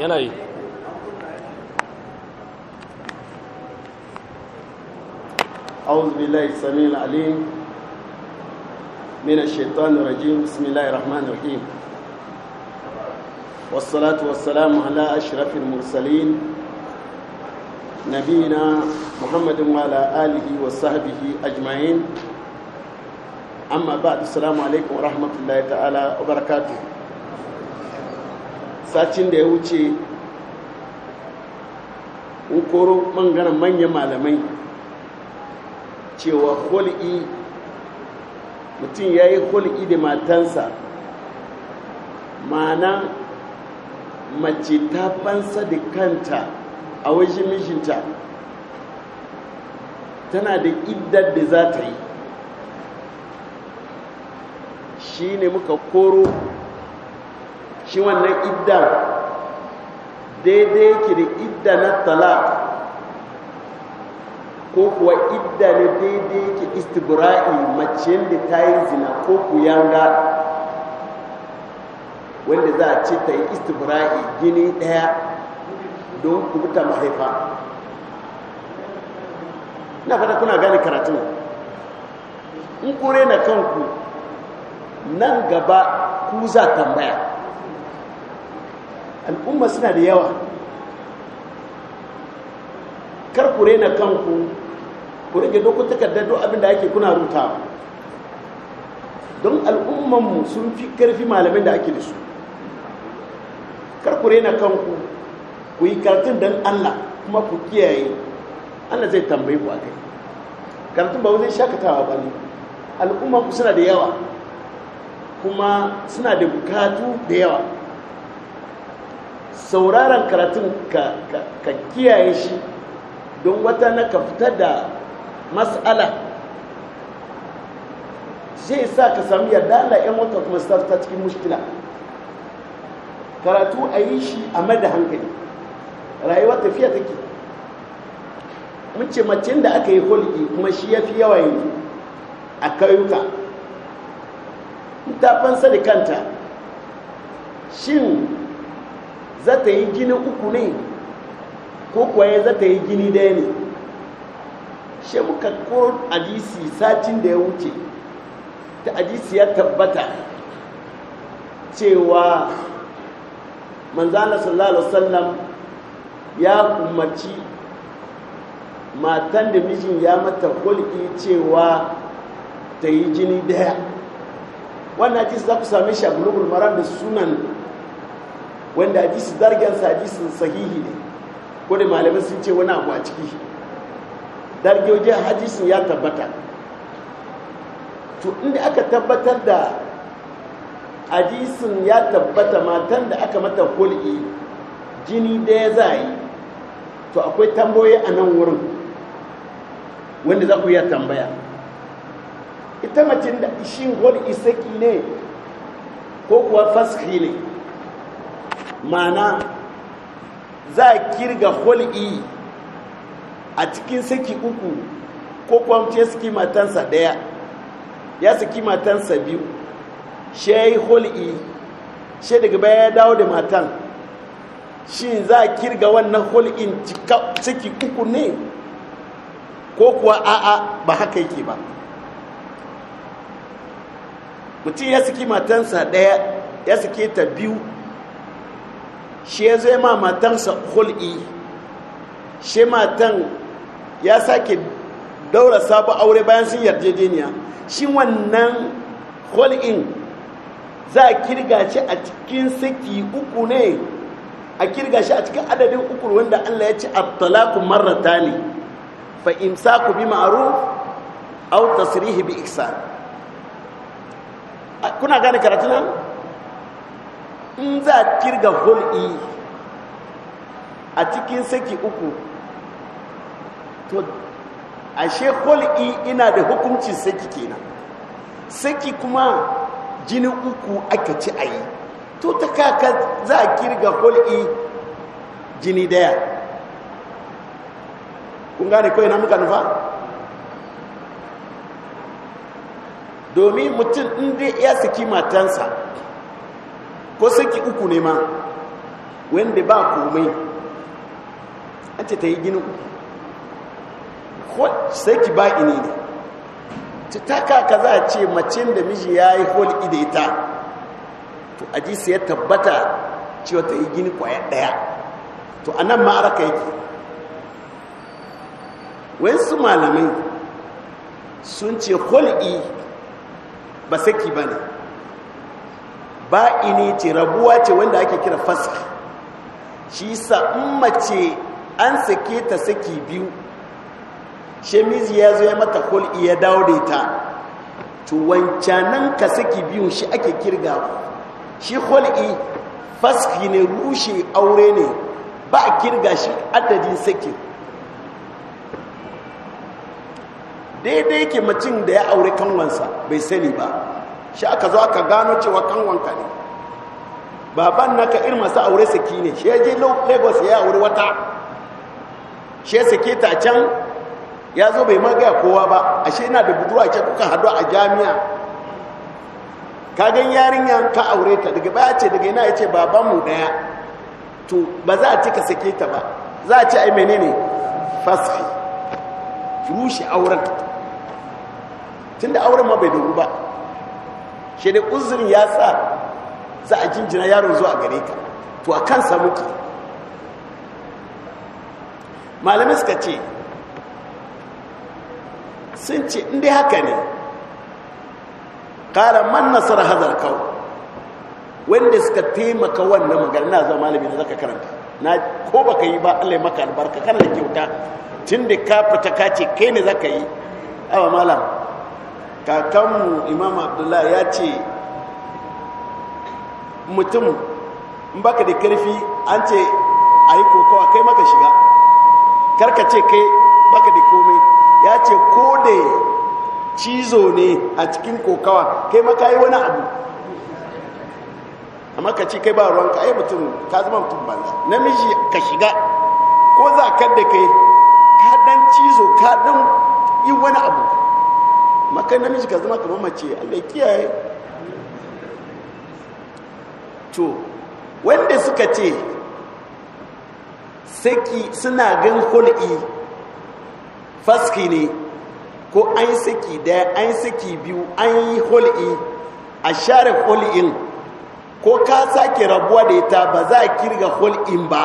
إيه؟ أعوذ بالله السميع العليم من الشيطان الرجيم بسم الله الرحمن الرحيم والصلاة والسلام على أشرف المرسلين نبينا محمد وعلى آله وصحبه أجمعين amma ba assalamu alaikum wa rahmatullahi ta'ala wa barakatu sacin da ya wuce in koro manyan malamai cewa hul'i mutum ya yi hul'i da matansa ma'ana mace ta fansa da kanta a wajen mijinta tana da iddar da za ta yi shi ne muka koro shi wannan idda daidai yake da idda na tala ko kuwa idda ne daidai yake istibra'i mace da ta yi zina ko kuyanga wanda za a ce ta yi istibra'i gini ɗaya don kubuta mahaifa na fata kuna gane karatun in kure na kanku nan gaba ku za tambaya al'umma suna da yawa kar ku rena kanku ku rage dokun takardar duk abin da ake kuna ruta don al'ummanmu sun fi karfi malamin da ake da su kar ku rena kanku ku yi karatun don allah kuma ku kiyaye allah zai tambaye ku a kai karatun ba zai shakatawa ba ne al'ummanku suna da yawa kuma suna da bukatu da yawa sauraron karatun ka kiyaye shi don wata na ka fita da matsala Zai sa ka sami yarda ala ‘yan wata kuma su ta cikin mushkila karatu a yi shi a mada hankali rayuwa tafiya take mun ce da aka yi hulki kuma shi ya fi yawa yanzu a kayuka ta fansa da kanta shin za ta yi gini uku ne ko kwaye za ta yi gini daya ne shi muka ko hadisi satin da ya wuce ta adisi ya tabbata cewa manzana sallallahu alaihi ya umarci matan da mijin ya mata hulki cewa ta yi jini daya wannan hadisi za ku same shi a bulugul maram da sunan wanda hadisi dargensa hadisin sahihi ne ko da malamai sun ce wani abu a ciki dargewajen hadisin ya tabbata to inda aka tabbatar da hadisin ya tabbata matan da aka mata kulki jini daya za yi to akwai tamboye a nan wurin wanda za ku iya tambaya ita macin da shi wani isaki ne ko kuwa faski ne mana za a kirga hul'i a cikin saki uku ko kuwa ce saki matansa daya ya saki matansa biyu shi ya yi hul'i shi daga baya ya dawo da matan shi za a kirga wannan hul'in saki uku ne ko kuwa a'a ba haka yake ba mutum ya saki matansa ɗaya ya suke ta biyu shi ya zai ma matansa hul'i shi matan ya sake daura sabon aure bayan sun yarjejeniya shi wannan hul'in za a kirga shi a cikin saki uku ne a kirga shi a cikin adadin uku wanda allah ya ci abtalaku marrata ne fa'imsa ku bi ma'ruf aw tasrihi bi iksa kuna gane karatu nan in za a kirga hul'i e a cikin saki uku to ashe hul'i e ina da hukuncin saki kenan saki kuma jini uku aka ci a yi to ta kaka za a kirga hul'i e jini daya kun gane kawai na muka nufa domin mutum inda ya saki matansa ko saki uku ne ma wanda ba komai an ce ta yi gini uku ko saki ba ini ne ta taka ka za a ce macin da miji ya yi holki da ita to ajiyarsa ya tabbata cewa ta yi gini kwaya daya to a nan ma'araka yake su malamai sun ce hol'i ba saki ba ne ba ini ce rabuwa ce wanda ake kira faski shi sa in mace an sake ta saki biyu shemizi ya zo ya mata kul'i ya dawo da ita to wancanan ka saki biyu shi ake kirga shi kul'i faski ne rushe aure ne ba a kirga shi adadin sakin daidai yake mutum da ya aure kanwansa bai sani ba shi aka zo aka gano cewa kanwanka ne baban naka irin masu aure saki ne shi ya je lagos ya aure wata shi ya sake ta can ya zo bai magaya kowa ba a shi yana da budurwa ce kuka hadu a jami'a ka gan yarinya ka aure ta daga baya ce daga yana ya ce babanmu daya to ba za a cika sake ta ba za a ce ai menene fasfi rushe auren tun da auren ma bai dogu ba shi dai uzurin ya sa za a jinjina yaron zuwa gare ka to a kansa muke malami suka ce sun ce inda haka ne kara man nasara hazar kawo wanda suka taimaka wannan magana na zama malami da zaka karanta na ko baka yi ba allai maka albarka kana da kyauta tun da ka fita ka ce kai ne za ka yi awa malam kakanmu imam abdullah ya ce mutum in baka da karfi an ce a yi kokawa kai maka shiga karka ce kai baka da komai ya ce ko da cizo ne a cikin kokawa kai maka yi wani abu amma ka ce kai ba ruwanka ai mutum ka zama mutum banza namiji ka shiga ko za ka da kai ka dan cizo ka dan yi wani abu makai namiji ka zama kamar mace allai kiyaye to wanda suka ce saki suna gan hul'i faski ne ko an saki daya an saki biyu an yi hul'i a share hul'in ko ka sake rabuwa da ita ba za a kirga hul'in ba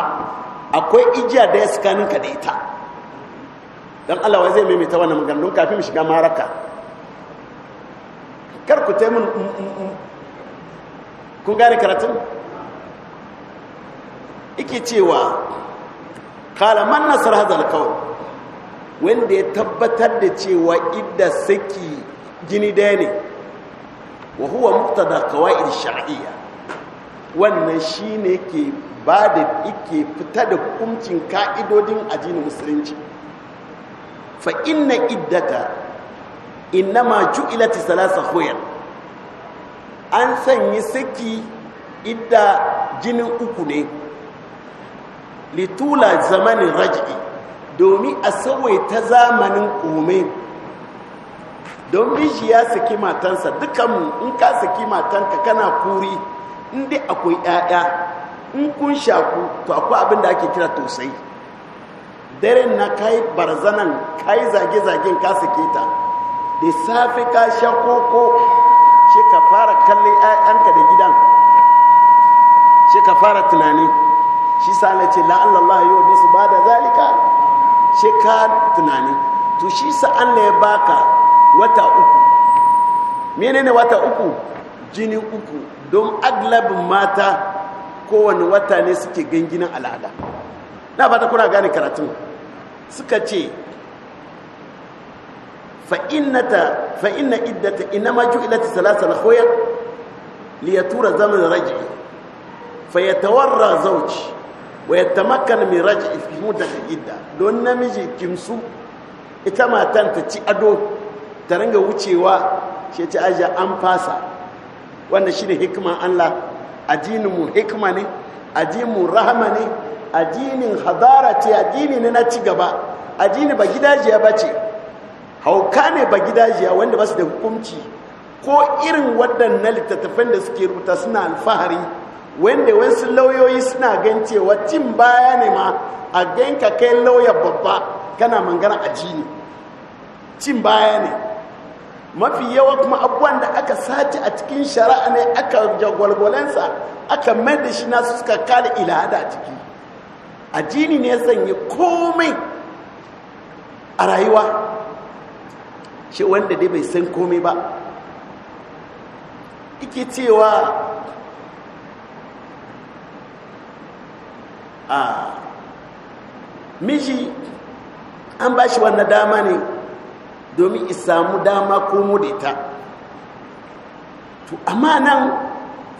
akwai ijiya daya tsakaninka da ita don Allah wai zai maimaita wannan maganganun kafin mu shiga maraka kar ku taimu mm, mm, mm. kun gane karatun ike cewa kala nasar hadal kawai wanda ya tabbatar da cewa idda saki gini daya ne wa huwa da kawai shar'iyya wannan shine ke ba da ike fita da hukuncin ka'idodin addinin musulunci fa inna iddata innama ju'ilat salasa khuyar an sanyi saki idda jinin uku ne litula zamanin raj'i domin a ta zamanin kome don miji ya saki matansa dukkanmu in ka saki matanka kana kuri inda akwai 'ya'ya in kun shaku to akwai abin da ake kira tosai daren na kai barzanan kai zage-zagen ka keta ta da safe ka sha koko shi ka fara kalli ayyanka da gidan shi ka fara tunani shi sa'ala ce la'allallah yau bisu ba da zalika shi ka tunani to shi sa'ala ya baka wata uku menene wata uku jini uku don aglabin mata kowane wata ne suke ganginin al'ada na fata kuna gane karatun suka ce fa'innata fa'inna iddata na ju'ilati liya tura zama da raj'i fayatawarra zauci wa makana mai raj'i fi daga idda don namiji kimsu ita matan ta ci ado ta ringa wucewa shi ta ajiya an fasa shi shine hikman Allah ajinu mu hikma ne ajinu rahama ne addinin hadara ce addini ne na cigaba addini ba gidajiya ba ce hauka ne ba gidajiya wanda ba su da hukunci ko irin waɗannan littattafan da suke rubuta suna alfahari wanda wasu lauyoyi suna gan cewa cin baya ne ma a ganka kai lauya babba kana mangana addini cin baya ne mafi yawa kuma abubuwan da aka sace a cikin shari'a ne aka jagwalgwalensa aka mai da shi nasu suka kada a ciki addini ne zan yi komai a rayuwa shi wanda dai bai san komai ba ike cewa a miji an ba shi wannan dama ne domin isamu dama ko da ita to amma nan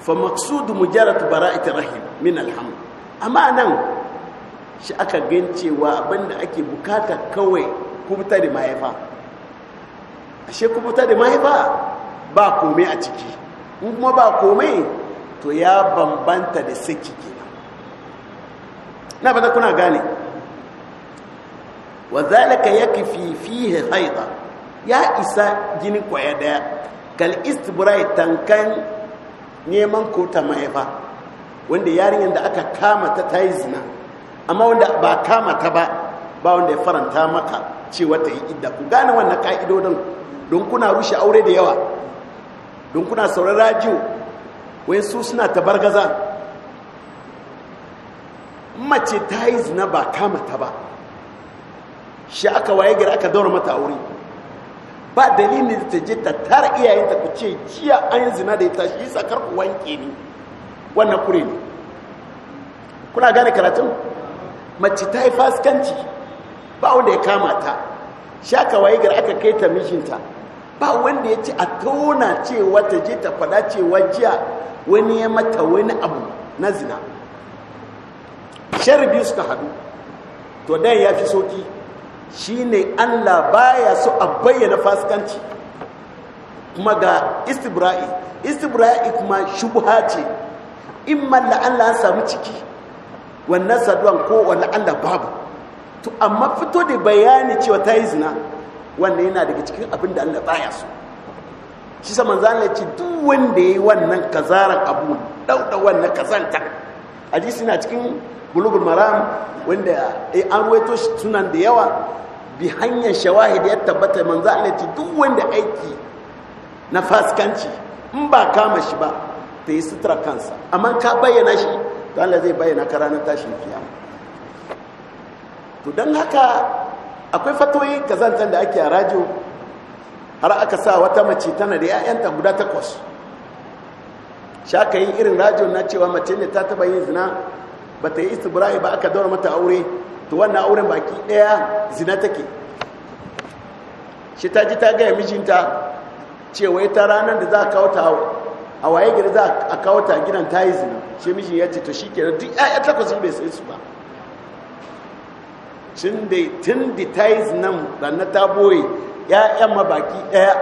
fa maksudu mujarratu bara'ati rahim min alhamd amma nan shi aka gan cewa abinda ake bukata kawai kubuta da mahaifa ashe kubuta da mahaifa ba komai a ciki kuma ba komai to ya bambanta da saki kenan na bada kuna gane wazalika ya kifi fiye haida ya isa gini kwaya daya kal istibrai tankan neman kota mahaifa wanda yarinyar da aka kama ta yi zina amma wanda ba kama ta ba ba wanda ya faranta maka cewa ta yi idda ku gane wannan ka'idodin don kuna rushe aure da yawa don kuna sauran rajiyo wani su suna tabargaza mace ta yi zina ba kama ta ba shi aka waye gari aka daura mata aure ba dalilin da ta je ta tara iyayenta ku ce jiya an yi zina da ita shi sakar ku wanke ne wannan kure ne kuna gane karatun mace ta yi fasikanci ba wanda ya kama ta sha kawai gar aka kai ta mijinta ba wanda ya ce a tona cewa ta je ta fada ce wajiya wani ya mata wani abu na zina shari biyu suka hadu to dan ya fi soki shi ne allah baya su a bayyana fasikanci kuma ga istibra'i istibra'i kuma shubha ce in malla allah an samu ciki wannan saduwan ko wani allah babu to amma fito da bayani cewa ta yi zina wannan yana daga cikin abin da allah baya su. shi saman zane ce duk wanda yi wannan kazaran abu dauda wannan kazanta hadisi na cikin bulugul maram wanda ya eh, an ruwaito sunan da yawa bi hanyar da ya tabbata man zane ce duk wanda aiki na fasikanci in ba kama shi ba ta yi sutura kansa amma ka bayyana shi to Allah zai bayyana ka ranar tashin kiyama to don haka akwai fatoyi kazantar da ake a rajo har aka sa wata mace tana da 'ya'yanta guda takwas shaka yi irin rajo na cewa mace ne ta taba yin zina ba ta yi istibirai ba aka daura mata aure to wannan auren baki daya zina take shi ta ji ta gaya mijinta cewa ta ranar da za a kawo ta a waye gari za a kawo ta gidan ta yi zina shi ya ce to shi kenan duk ya takwas bai sai su ba tun da tun da ta yi zinan ranar ta boye ya'yan mabaki daya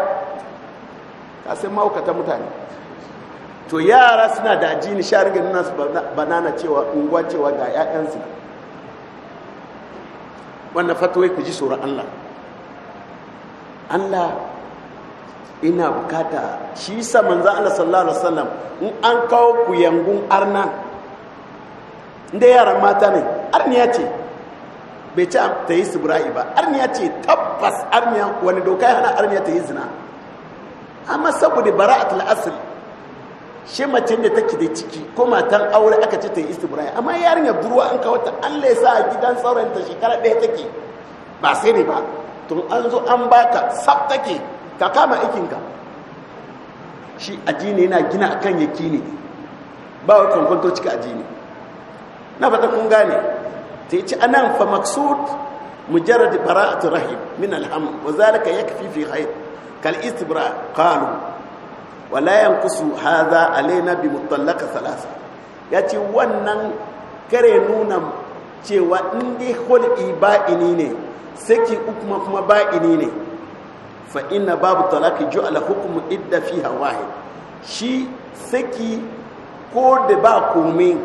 ta sai mahaukata mutane to yara suna da ajini sha nuna su banana cewa unguwa cewa ga yan zina wannan fatawai ku ji tsoron allah allah ina bukata shi sa manzan Allah sallallahu alaihi wasallam in an kawo ku yangun arna inda yaran mata ne arniya ce bai ci ta yi subra'i ba arniya ce tabbas arniya wani doka ya hana arniya ta yi zina amma saboda a tal'asir shi mace da take da ciki ko matan aure aka ci ta yi istibra'i amma ya burwa an kawo ta an sa a gidan saurayinta shekara ɗaya take ba sai ne ba tun an zo an baka sab take ka kama aikinka shi ajini yana gina akan ne ba wa kwankwanto cika ajini na fata kun gane ta yi ci anan fa maksud mujarrad bara'atu rahim min alham wa zalika yakfi fi khair kal istibra qalu wa la yanqusu hadha alaina bi mutallaqa thalatha yace wannan kare nuna cewa in dai hol'i baini ne saki ukuma kuma ba'ini ne fa ina babu talaki ala hukumu idda fi hawaye shi saki ko da ba komai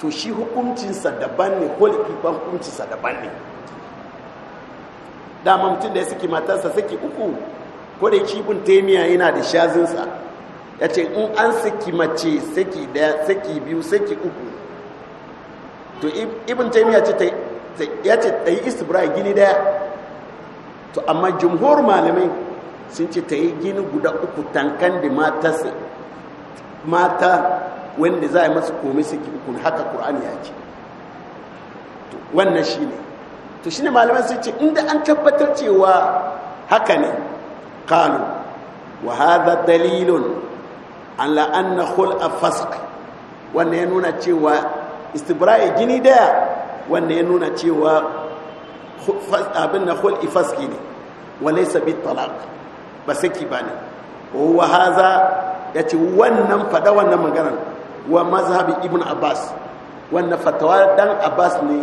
to shi hukuncinsa daban ne holiki ban hukuncinsa daban ne dama mutum da ya saki matarsa saki uku ko da cibin taimiya yana da shazinsa ya ce in an saki mace saki daya saki biyu saki uku to ibin taimiya ce ta yi istibra gini daya to amma jumhur malamai sun ce ta yi gini guda uku tankan da mata mata wanda za a yi masu komai saki uku haka ƙur'ani ya ce wannan shi ne to shi ne malamai sun ce inda an tabbatar cewa haka ne kanu wa hadha dalilun ala hul a fasq wannan ya nuna cewa istibra'i gini daya wannan ya nuna cewa abin na khul'i faski ne walaysa bit talaq ba saki bane wa hadha yace wannan fada wannan maganar wa mazhabi ibn abbas wannan fatawa dan abbas ne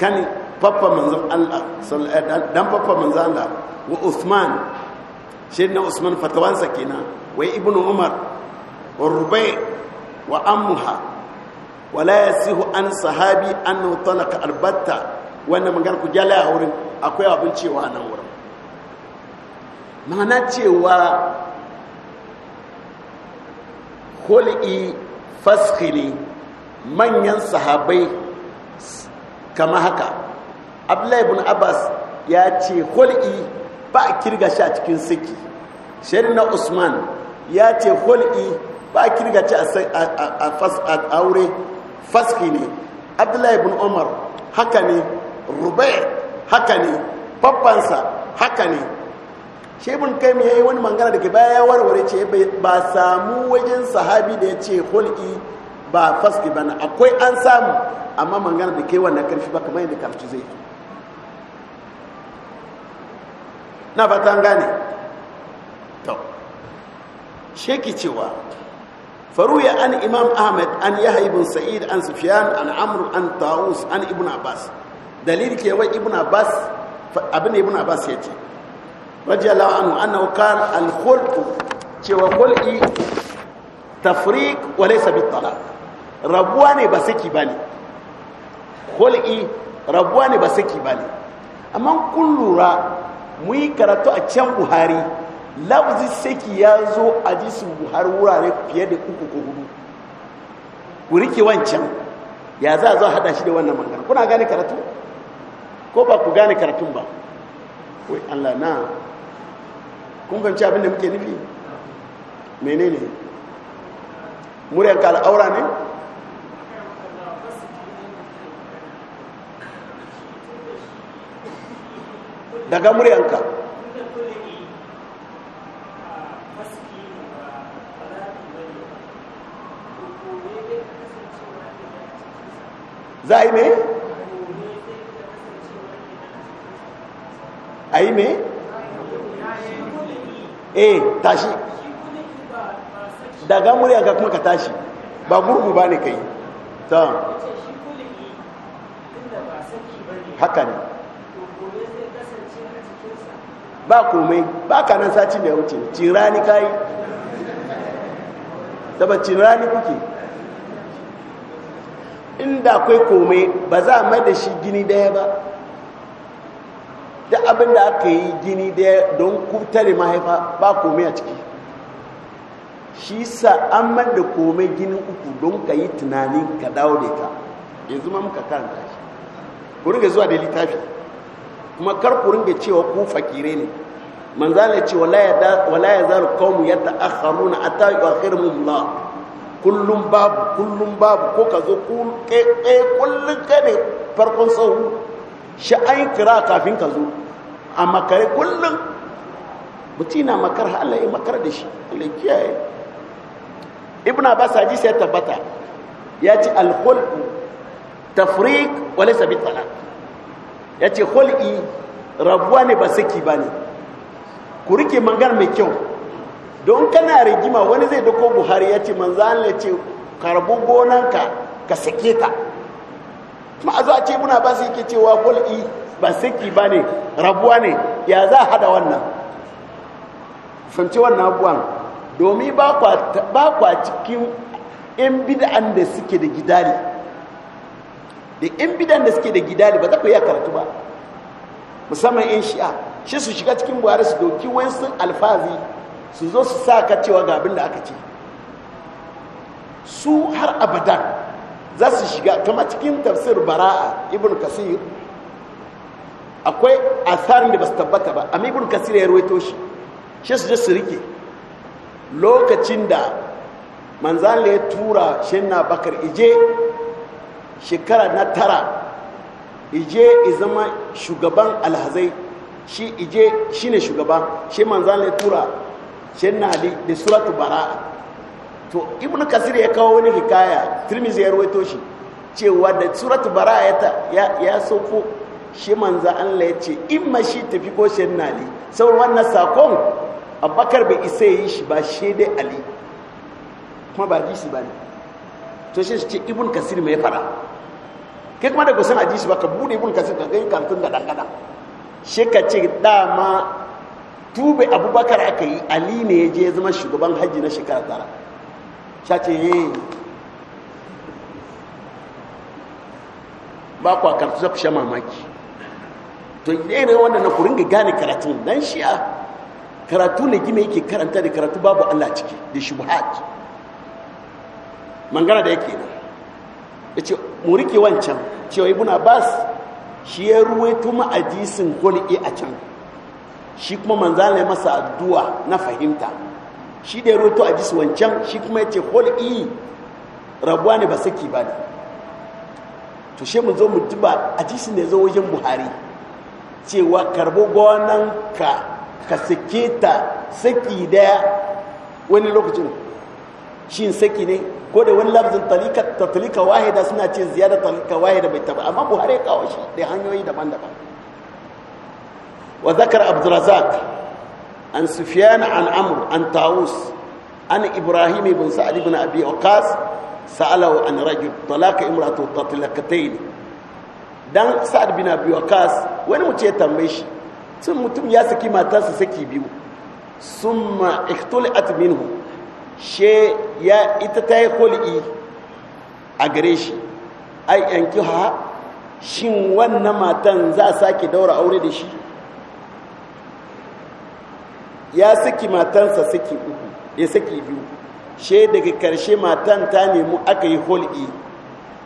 kan fafa manzon Allah dan fafa manzon Allah wa usman shi na Usman fatawansa kenan wa ibnu Umar wa Rubai wa amuha wala la yasihu an sahabi annahu talaqa albatta wannan magana ku jala a wurin akwai abin cewa a nan wurin ma'ana cewa hul'i faskili manyan sahabai kama haka abdullahi ibn abbas ya ce hul'i ba a kirga shi a cikin siki shari na usman ya ce hul'i ba a kirga shi a aure faskili ne abdullahi ibn umar haka ne rubai haka ne babbansa haka ne shebun kai mai yayi wani mangana da ke baya warware ce ba samu wajen sahabi da ya ce hulki ba faski ba akwai an samu amma mangana da ke wannan karfi ba kamar yadda karfi zai na ba fatan gane to sheki cewa faru ya an imam ahmed an يحيى ibn sa'id an سفيان an عمرو an taus an ibn abbas dalili ke wai ibn abbas abin ibn abbas ya ce radiyallahu anhu annahu kan al-khulq cewa khulqi tafriq wa laysa bit talaq rabuwa ne ba saki bane khulqi rabuwa ne ba saki bane amma kun lura mu yi karatu a can buhari lafzi saki ya zo a jisun buhari wurare fiye da uku ko hudu ku rike wancan ya za a zo hada shi da wannan magana kuna gane karatu ko ba ku gane karatun ba wai allah na kun fahimci abin da muke nufi menene muryanka al'aura ne daga muryanka za a yi mai a yi me? eh tashi daga murya ga kuma ka tashi ba gurgu ba ne kai ta haka ne ba komai ba ka nan sati mai wuce cirani kayi daba cirani kuke inda akwai komai ba za a mai da shi gini daya ba duk abin da aka yi gini daya don kutare mahaifa ba komai a ciki shi sa an da komai gini uku don ka yi tunani ka dawo da ita ya zuma muka karanta shi ga zuwa da littafi kuma kar ku cewa ku fakire ne manzala ce wala ya zaru kawmu yadda a akharuna ata yu'akhiruhum Allah kullum babu kullum babu ko ka zo kullum kai ne farkon sauru shi kira kafin ka zo a makare kullum mutum na makar Allah ya makar da shi Allah kiyaye ibn abbas haji sai tabbata ya ce alkhulqu tafriq wa laysa bi talaq ya ce khulqi rabuwa ne ba saki ne ku rike mangar mai kyau don kana rigima wani zai dako buhari ya ce manzo Allah ya ce karbu gonanka ka sake ta ma'azu a ce ibn abbas yake cewa khulqi ba saki ba ne rabuwa ne ya za a hada wannan fahimci wannan abuwan domin ba kwa cikin in bid'an da suke da gidali da in bid'an da suke da gidali ba za ku yi karatu ba musamman in shi'a shi su shiga cikin buhari su doki sun alfazi su zo su sa ka cewa ga abin da aka ce su har abadan za su shiga kama cikin tafsir bara'a ibn kasir akwai asarin da ba su tabbata ba amma ibn kasir ya ruwaito shi shi su je su rike lokacin da manzan ya tura shinna bakar ije shekara na tara ije izama shugaban alhazai shi ije shi ne shugaban shi manzan ya tura shinna ali da suratu bara'a to ibn kasir ya kawo wani hikaya tirmizi ya ruwaito shi cewa da suratu bara'a ya, sauko shi manza Allah ya ce in ma shi tafi ko shi na ali saboda wannan sakon abubakar bai isa yi shi ba shi dai ali kuma ba hadisi ba ne to shi ce ibn kasir mai fara kai kuma da kusan hadisi ba ka bude ibn kasir ka gani kantun da dangada shi ka ce dama tube abubakar aka yi ali ne ya je zama shugaban hajji na shekara tara sha ce eh. ba kwa kartu zafi sha mamaki to ne wanda na kurin ga gane karatu nan shi'a karatu ne gima yake karanta da karatu babu Allah ciki da shi shubhat mangana da yake nan yace ce rike wancan cewa ibn abbas shi ya ruwaito ma hadisin kulli a can shi kuma manzan ne masa addu'a na fahimta shi da ya ruwaito hadisin wancan shi kuma yace kulli rabuwa ne ba saki ba ne to shi mu zo mu duba hadisin da ya zo wajen buhari cewa karbi gonanka ka sake ta saki daya wani lokacin shi saki ne ko da wani lafzin tatalika wahida suna ce ziyada tatalika wahida bai taba amma buhari ya kawo shi da hanyoyi daban-daban wa zakar abdurazak an sufiyan an amur an taus an ibrahim ibn sa'ad ibn abi waqas sa’alawa an rajul talaka imratu ne. dan sa'ad bin abi waqas wani mutum ya tambaye shi sun mutum ya saki matarsa saki biyu summa iktulat minhu she ya ita ta yi kul'i a gare shi ai yanki ha shin wannan matan za a sake daura aure da shi ya saki matansa saki uku ya saki biyu she daga karshe matan ta nemi aka yi hol'i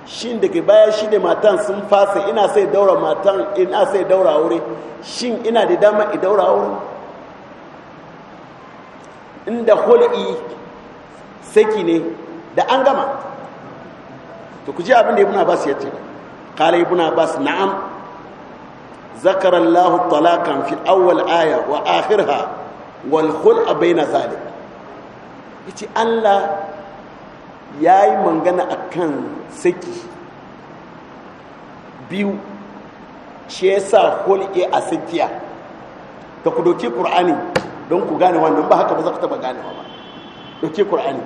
shin daga baya shi da matan sun fasa ina sai daura matan ina sai daura wuri shin ina da dama i daura wuri inda hul'i saki ne da an gama to ku ji abin da ibn abbas ya ce qala ibn abbas na'am zakara allah talaqan fi awwal aya wa akhirha wal khul'a bayna zalik yace allah ya yi mangana a kan saki biyu shi ya sa hol'i a sakiya ta ku doki ƙur'ani don ku gane wannan ba haka ba za ku taba gane ba doki ƙur'ani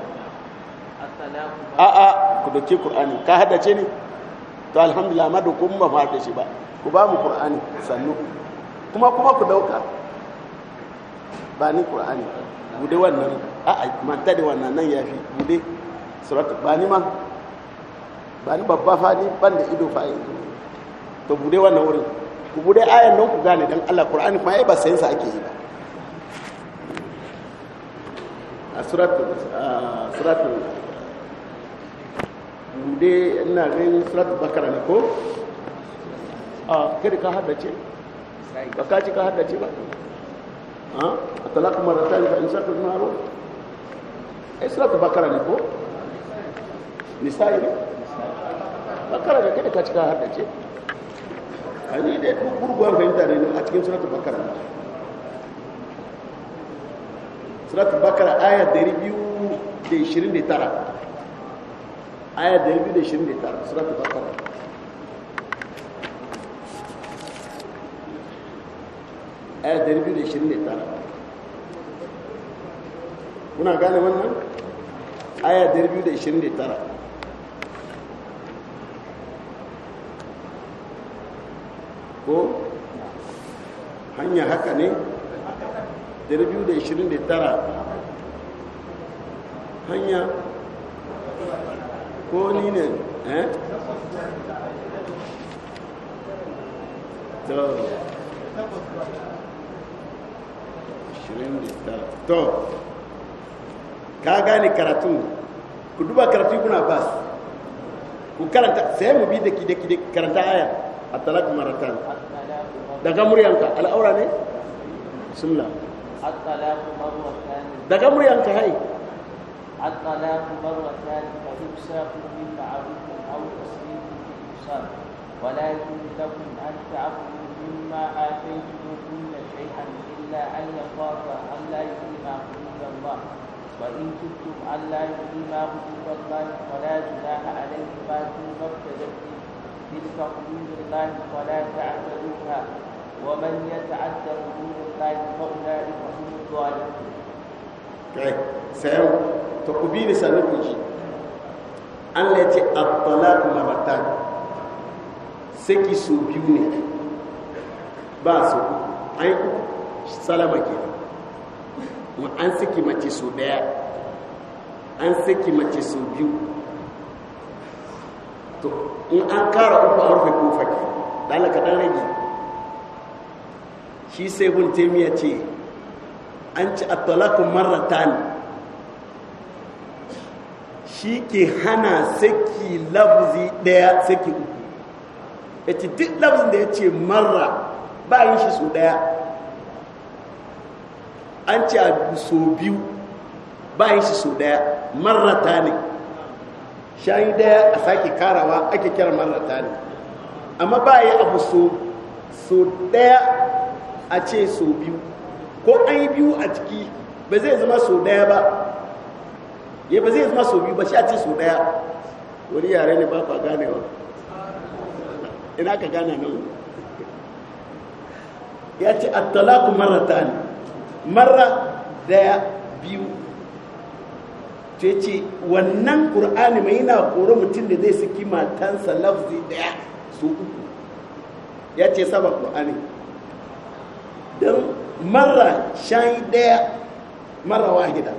a a ku doki ƙur'ani ka haddace ne to alhamdulillah ma da kuma ba da shi ba ku ba mu ƙur'ani sannu kuma kuma ku dauka ba ni ƙur'ani bude wannan a a manta da wannan nan ya fi bude suratu ba ni ma ba ni babba fa ni ban da ido fa yanzu to bude wannan wurin ku bude ayan nan ku gane dan Allah Qur'ani kuma ai ba sayan sa ake yi ba a suratu suratu bude ina ganin suratu bakara ne ko a kada ka haddace ba ka ci ka haddace ba a talaka maratan ka in saka maro ai suratu bakara ne ko nisa'i ne bakara da kada ka cika haddace a ni dai duk gurguwar fahimta ne a cikin suratun bakara suratun bakara aya 229 aya 229 suratun bakara aya 229 kuna gane wannan aya 229 ko hanya haka ne 229 hanya ko ni ne eh to 29 to ka gane karatu ku duba karatu kuna bas ku karanta sai mu bi daki daki karanta aya الطلاق مرتان daga muryanka al'aura ne bismillah الطلاق مرتان daga muryanka hai الطلاق مرتان فإمساك بمعروف أو تسليم بإحسان ولا يكون لكم أن تعبدوا مما آتيتموهن شيئا إلا أن يخافا ألا يظلما حدود الله وإن كنتم ألا يظلما حدود الله فلا جناح عليهما فيما افتدت به تلك حدود الله فلا kai sayan ta ku bi ji Allah ya ce at saki su biyu ba su ai salama ke mu an saki mace su daya an saki mace su biyu to in an kara uku an rufe kofa ke dalaka dan rage shi sai bin taimiya ce an ci attalakun ne shi ke hana saki lafzi daya saki uku ya ce duk lafzin da ya ce marra ba yi shi su daya an ci a so biyu ba yin shi su daya marrata ne shayi daya a sake karawa ake kira marata ne amma ba yi abu so so daya a ce so biyu ko an yi biyu a ciki ba zai zama so daya ba ya eh, ba zai zama so biyu ba shi a ce so daya wani yare ne ba kwa ganewa ina ka gane nan ya ce mara marata ne mara daya biyu to ya ce wannan ƙur'ani mai yana kori mutum da zai saki matansa lafzi daya su uku ya ce saba ƙur'ani don mara shayi daya mara wahida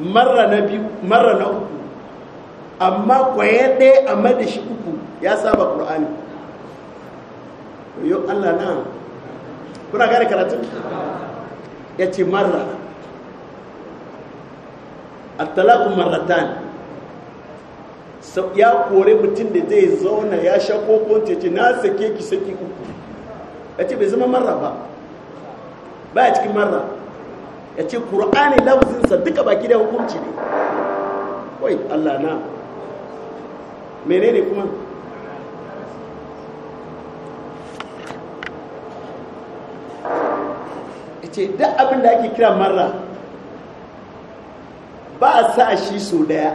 mara na biyu mara na uku amma kwaye daya a madashi uku ya saba ƙur'ani yau allah na kuna gane karatun ya ce mara at-talaqu marratan ya kore mutum da zai zauna ya sha kokon ce na sake ki saki uku ya ce bai zama marra ba ba ya cikin marra ya ce ƙura'ani lafzinsa duka baki da hukunci ne wai allah na menene kuma ya ce duk abin da ake kira marra ba a sa shi so daya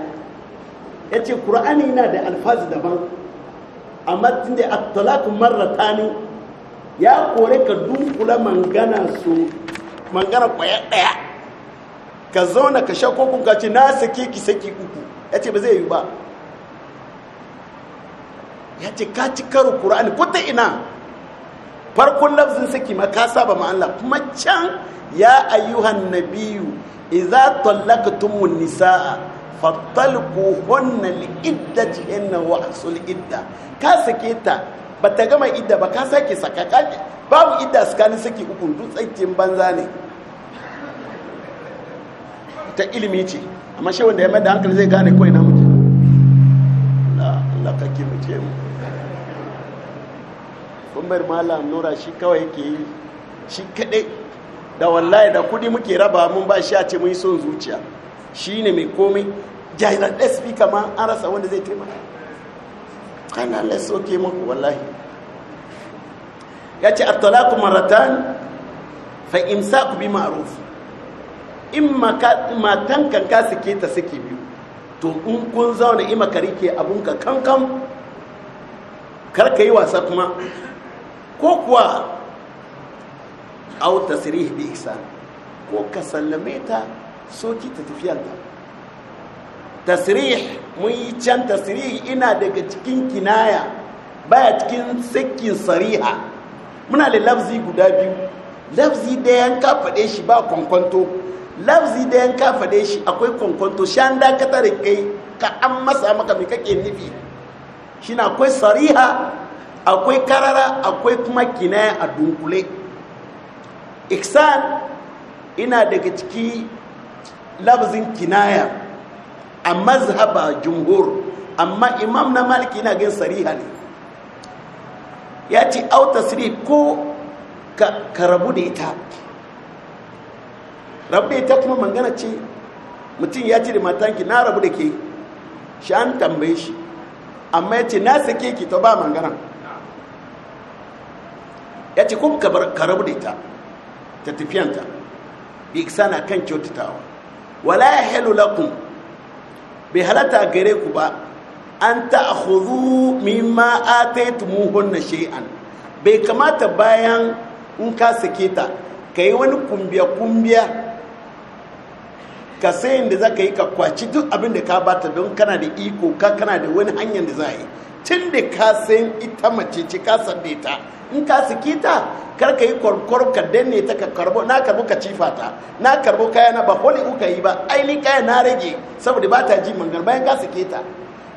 ya ce ƙura'ani yana da alfazi daban amma tun da attalaku marata ne ya kore ka dunkula mangana so mangana kwaya daya ka zauna ka sha ka ce na sake ki saki uku ya ce ba zai yi ba ya ce ka ci karo ƙura'ani ko ta ina farkon lafzin saki makasa ba saba kuma can ya ayyuhan nabiyu idza tallaqtumun nisaa fatalquhunna liiddatihinna wa asul idda ka sake ta bata gama idda ba ka sake saka babu idda tsakanin saki uku duk banza ne ta ce amma hankali zai gane kawai na muke Allah ka kimace mu kun bar malam nura shi kawai yake yi shi kadai da wallahi da kudi muke raba mun ba shi a ce mun son zuciya shi ne mai komai jahilar ɗaya spika ma an rasa wanda zai taimaka kana lasa oke maku wallahi ya ce attalaku maratan fa imsaku bi ma'ruf in matan kan ka suke ta suke biyu to in kun zauna ima ka rike abunka kankan kar ka yi wasa kuma ko kuwa Au tasrih bi ihsan ko ka sallame ta soki ta tafiyanta tasrih mun yi can tasrih ina daga cikin kinaya baya cikin sakin sariha muna da lafzi guda biyu lafzi dayan ka faɗe shi ba kwankwanto lafzi dayan ka faɗe shi akwai kwankwanto shan dakatar kai ka an masa maka mai kake nufi shi na akwai sariha akwai karara akwai kuma kinaya a dunkule iksan ina daga ciki labzin kinaya a mazhaba jungur amma imam na maliki na gan sariha ne ya ce auta ko ka rabu da ita rabu da ita kuma mangana ce mutum ya ce da matanki na rabu da ke shi an tambaye shi amma ya ce na sake ki ta ba mangana ya ce kuma ka rabu da ita ta tafiyanta bi sana kan kyautatawa wala ya yahlu lakum bi halata gare ku ba an ta ta'khudhu mimma na shi'an bai kamata bayan in ka sake ta ka yi wani kumbiya kumbiya ka sayin da ka yi ka kwaci duk abin da ka bata don kana da iko ka kana da wani hanyar da za a yi tun da ka san ita mace ce ka san ta in ka saki ta kar ka yi kwarkwar ka danne ta ka karbo na karbo ka cifa ta na karbo kaya na ba holi uka yi ba ainihin kaya na rage saboda ba ta ji mangar bayan ka sake ta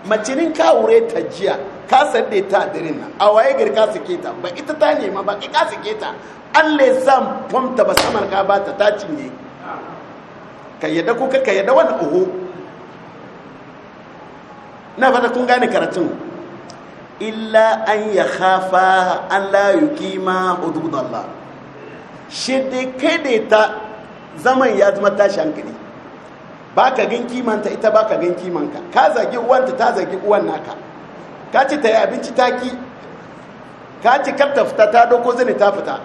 macinin ka wure ta jiya ka san ta dirin nan a waye gari ka sake ta ba ita ta nema ba ka sake ta allah ya sa fomta ba samar ka ba ta ta cinye ka yadda ko ka yadda wani oho na fata kun gane karatun illa an ya khafa an layu kima Allah shi dai ta zaman ya zama tashi hankali ba ka gan kimanta ita ba ka gan kimanka ka zagi uwanta ta zagi uwan naka ka ci ta yi abinci ta ki ka ci kar ta fita ta doko zane ta fita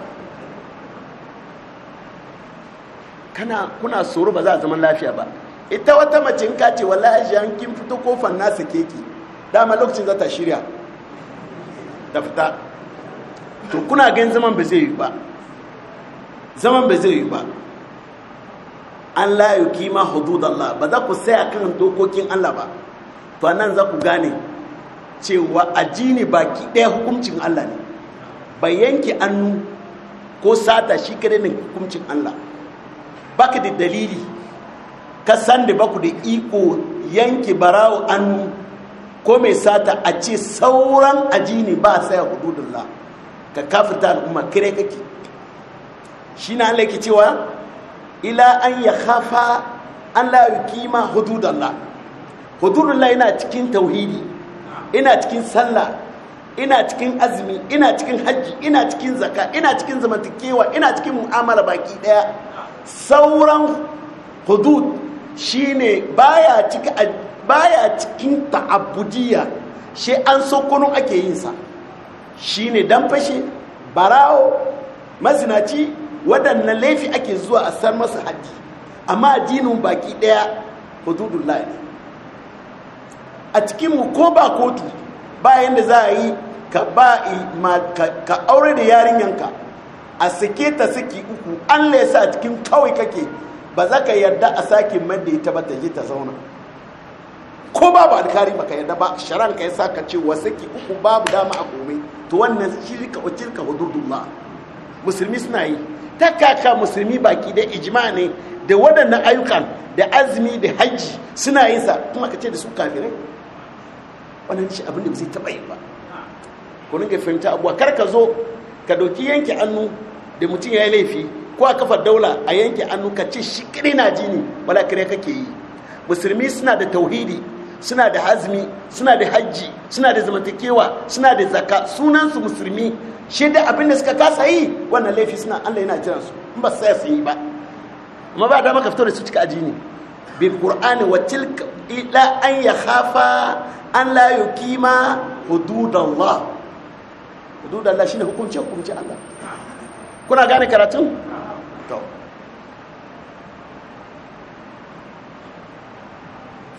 kana kuna tsoro ba za a zama lafiya ba ita wata mace in ka ce wallahi shi kin fito kofar nasa keke dama lokacin za ta shirya ta fita to kuna gan zaman ba zai yi ba zaman ba zai yi ba an layu kima hudud Allah ba za ku saya kan dokokin Allah ba to nan za ku gane cewa ajini baki ɗaya hukuncin Allah ne bai yanke annu ko sata shi kare ne hukuncin Allah baka da dalili ka san da ku da iko yanke barawo annu ko mai sata a ce sauran aji ne ba a saya la ka kafirta al'umma kire kake shi na Allah cewa ila an ya hafa an la hududun la ina cikin tauhidi ina cikin sallah ina cikin azumi ina cikin hajji ina cikin zaka ina cikin zamantakewa ina cikin mu'amala baki daya sauran hudud shine baya cika baya cikin ta'abudiyya shi an sokono ake yin sa shine dan fashe barawo mazinaci waɗannan laifi ake zuwa a san masa haddi amma addinin baki ɗaya hududullah ne a cikinmu ko ba kotu bayan da za a yi ka ba ka aure da yarinyanka a sake ta saki uku an laisa a cikin kawai kake ba za ka yarda a sake madda ya ba ta je ta zauna ko babu alkari baka yadda ba sharan ka sa ka ce saki uku babu dama a komai to wannan shirka tilka hududullah musulmi suna yi ta kaka musulmi baki da ijma ne da waɗannan ayyukan da azumi da hajji suna yin sa kuma ka ce da su kafirai wannan shi abin da ba zai taɓa yi ba ku ringa fahimta abuwa kar ka zo ka dauki yanke hannu da mutum ya yi laifi ko a kafar daula a yanke hannu ka ce shi kiri na jini wala kare kake yi musulmi suna da tauhidi suna da hazmi suna da hajji suna da zamantakewa suna da zaka sunansu musulmi shi da abin da suka kasa yi wannan laifi suna allah yana jiran su in ba su saya su yi ba amma ba da maka fito da su cika aji ne. bi qur'ani wa tilka ila an ya yakhafa an la yuqima hududallah hududallah shine hukunci hukunci allah kuna gane karatun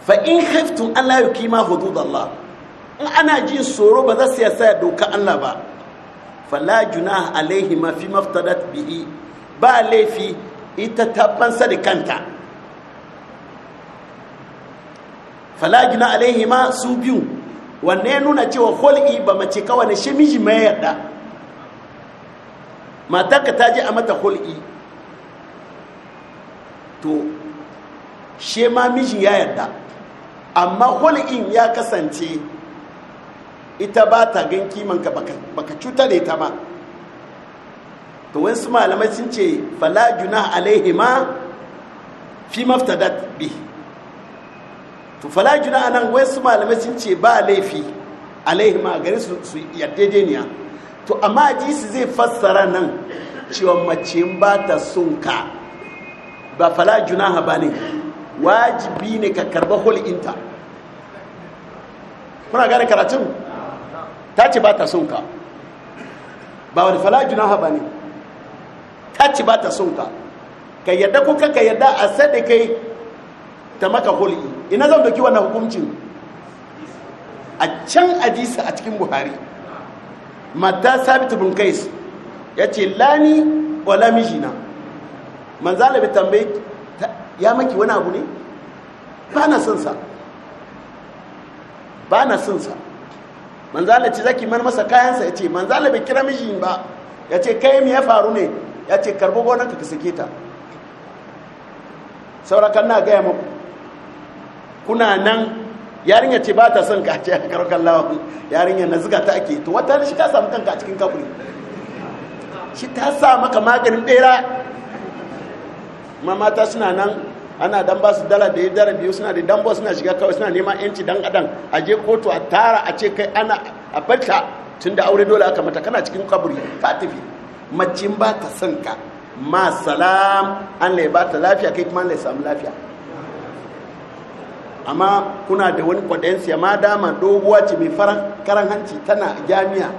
fa in khiftum Allah yukima Allah in ana ji tsoro ba za su yasa doka Allah ba fala junaha alaihi ma fi maftadat bihi ba laifi ita tabbansa da kanta fala junaha alaihi ma su biyu wanne nuna cewa holi ba mace kawai na shi miji mai yarda matarka ta je a mata holi to shema ma mijin ya yarda amma hulɗin ya kasance ita ba ta gan kimanka baka cuta da ita ba to wasu malamai sun ce fala juna alaihi ma fi maftadat bi to fala anan nan wasu malamai sun ce ba laifi alaihi ma gare su su yaddejeniya to amma jisi zai fassara nan cewa mace ba ta sunka ka ba fala ha ba ne wajibi ne ka karba hul'inta kuna gane karatun ta ce ba ta son ka ba wani falajuna ha ba ne ta ce ba ta son ka ka yadda ko ka yadda a sadi kai ta maka hul'i ina zan doki wannan hukuncin a can ajisa a cikin buhari mata sabita bin kais ya ce lani wala mijina manzala bi tambayi ya maki wani abu ne ba na son sa ba na son sa manzala ce zaki man masa kayansa ya ce manzala bai kira mijin ba ya ce kai ya faru ne ya ce karbi gonarka ka sake ta saurakan na gaya maku kuna nan yarinya ce ba ta son ka ce karo kallawa yarinya na zuga ta ake to wata shi ta samu kanka a cikin kaburi shi ta sa maka maganin bera mamata suna nan ana dan ba su dala da ya dara biyu suna da dambo suna shiga kawai suna neman yanci dan adam a je kotu a tara a ce kai ana a bata tun da aure dole aka mata kana cikin kaburi fatifi macin ba ta son ka ma salam an lai ba ta lafiya kai kuma lai samu lafiya amma kuna da wani kwaɗayin siya ma dama doguwa ce mai faran karan hanci tana jami'a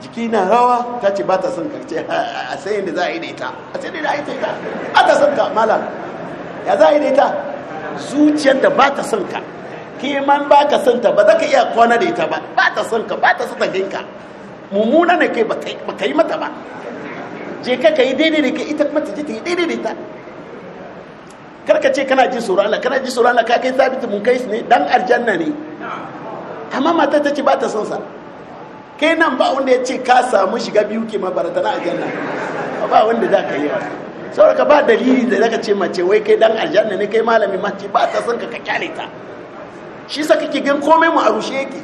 jiki na rawa ta ce ba ta son ka a sayin da za a yi da ita a sayin da za a yi da ita a ta son ka malam ya za a yi da ita zuciyar da ba ta son ka kiman ba ka son ta ba za ka iya kwana da ita ba ba ta son ka ba ta son ginka mummuna ne kai ba ka yi mata ba je ka ka yi daidai da ka ita kuma ta ta yi daidai da ita karka ce kana ji tsoron Allah kana ji tsoron Allah ka kai mun kai ne dan aljanna ne amma mata ta ce ba ta son sa kai nan ba wanda ya ce ka samu shiga biyu ke mabarata na aljanna ba wanda za ka yi wa saboda ba dalili da zaka ce mace wai kai dan aljanna ne kai malami mace ba ta san ka ka kyale ta shi sa kake gan komai mu a rushe yake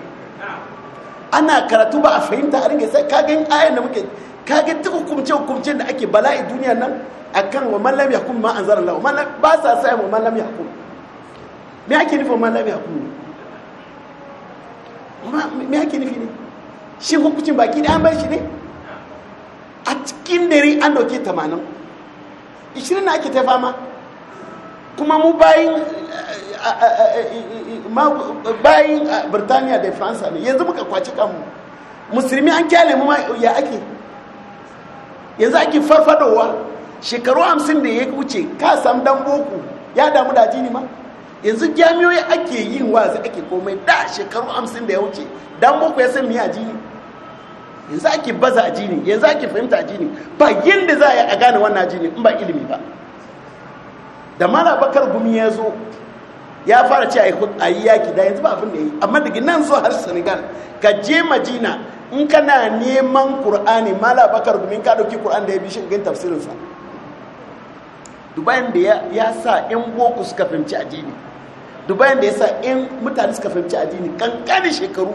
ana karatu ba a fahimta a ringa sai ka gan ayan da muke ka ga duk hukumce hukumce da ake bala'i duniya nan akan wa malami ya hukum ma anzar Allah ma ba sa sai mu malami ya hukum me ake nufi wa mallam ya ma me ake nufi ne shi hukuncin baki da an bar shi ne a cikin dare an dauke 80 ishirin na ake ta fama kuma mu bayin eh, eh, eh, bayin birtaniya da faransa ne yanzu muka kwaci kanmu musulmi an kyale mu ya ake yanzu ake farfadowa shekaru hamsin da ya wuce kasam sam dan boko ya damu da jini ma yanzu jami'oi ake yin wazi ake komai da shekaru hamsin da ya wuce dan boko ya san miya jini yanzu ake baza a jini yanzu ake fahimta a jini ba yadda za a yi a gane wannan jini in ba ilimi ba da mala bakar gumi ya zo ya fara ce a yi yaki da yanzu ba abin da yi amma daga nan zuwa har senegal ka je majina in kana neman kur'ani mala bakar gumi ka dauki kur'an da ya bi shigin tafsirinsa dubayin da ya sa yan boko suka fahimci jini dubayin da ya sa yan mutane suka fahimci jini kankanin shekaru